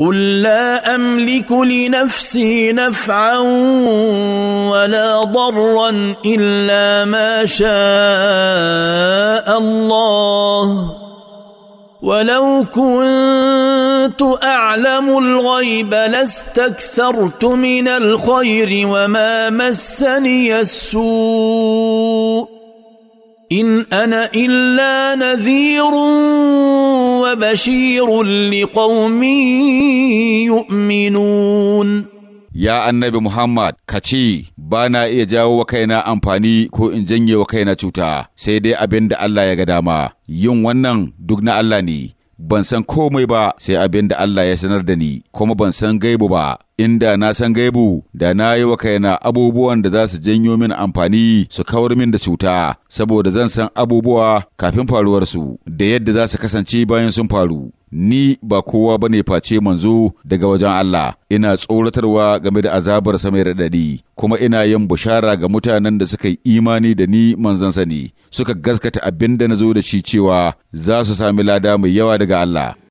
قل لا املك لنفسي نفعا ولا ضرا الا ما شاء الله ولو كنت اعلم الغيب لاستكثرت من الخير وما مسني السوء ان انا الا نذير وبشير لقوم يؤمنون ya annabi Muhammad ka ce, Ba na iya jawo wa kaina amfani ko in janyewa kaina cuta, sai dai abinda Allah ya ga dama, yin wannan duk na Allah ne, ban san komai ba sai abinda Allah ya sanar da ni, kuma ban san gaibu ba, In da na san gaibu da na yi wa kaina abubuwan da za su janyo min amfani su kawar min da cuta saboda zan san abubuwa kafin faruwarsu da yadda za su kasance bayan sun faru ni ba kowa ba ne face manzo daga wajen Allah, ina tsoratarwa game da azabar mai raɗaɗi, kuma ina yin bushara ga mutanen da suka yi imani da ni manzon ne suka gaskata abin da na zo da shi cewa za su sami lada mai yawa daga Allah.